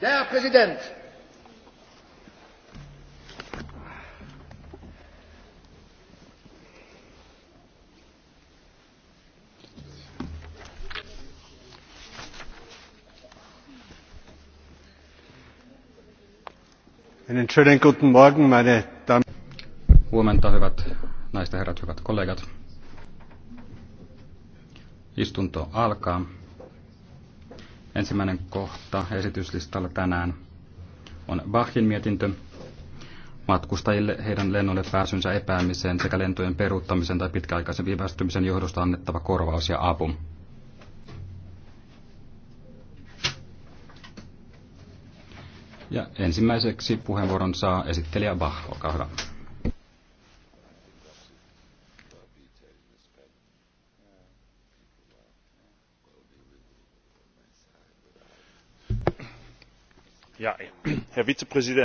Der Präsident! Einen schönen guten Morgen, meine Damen. Huomenta, hyvät naisten herrat, hyvät kollegat. Istunto alkaa. Ensimmäinen kohta esityslistalla tänään on Bachin mietintö matkustajille heidän lennolle pääsynsä epäämiseen sekä lentojen peruuttamisen tai pitkäaikaisen viivästymisen johdosta annettava korvaus ja apu. Ja ensimmäiseksi puheenvuoron saa esittelijä Bach, olkaa hyvä. herr vizepräsident!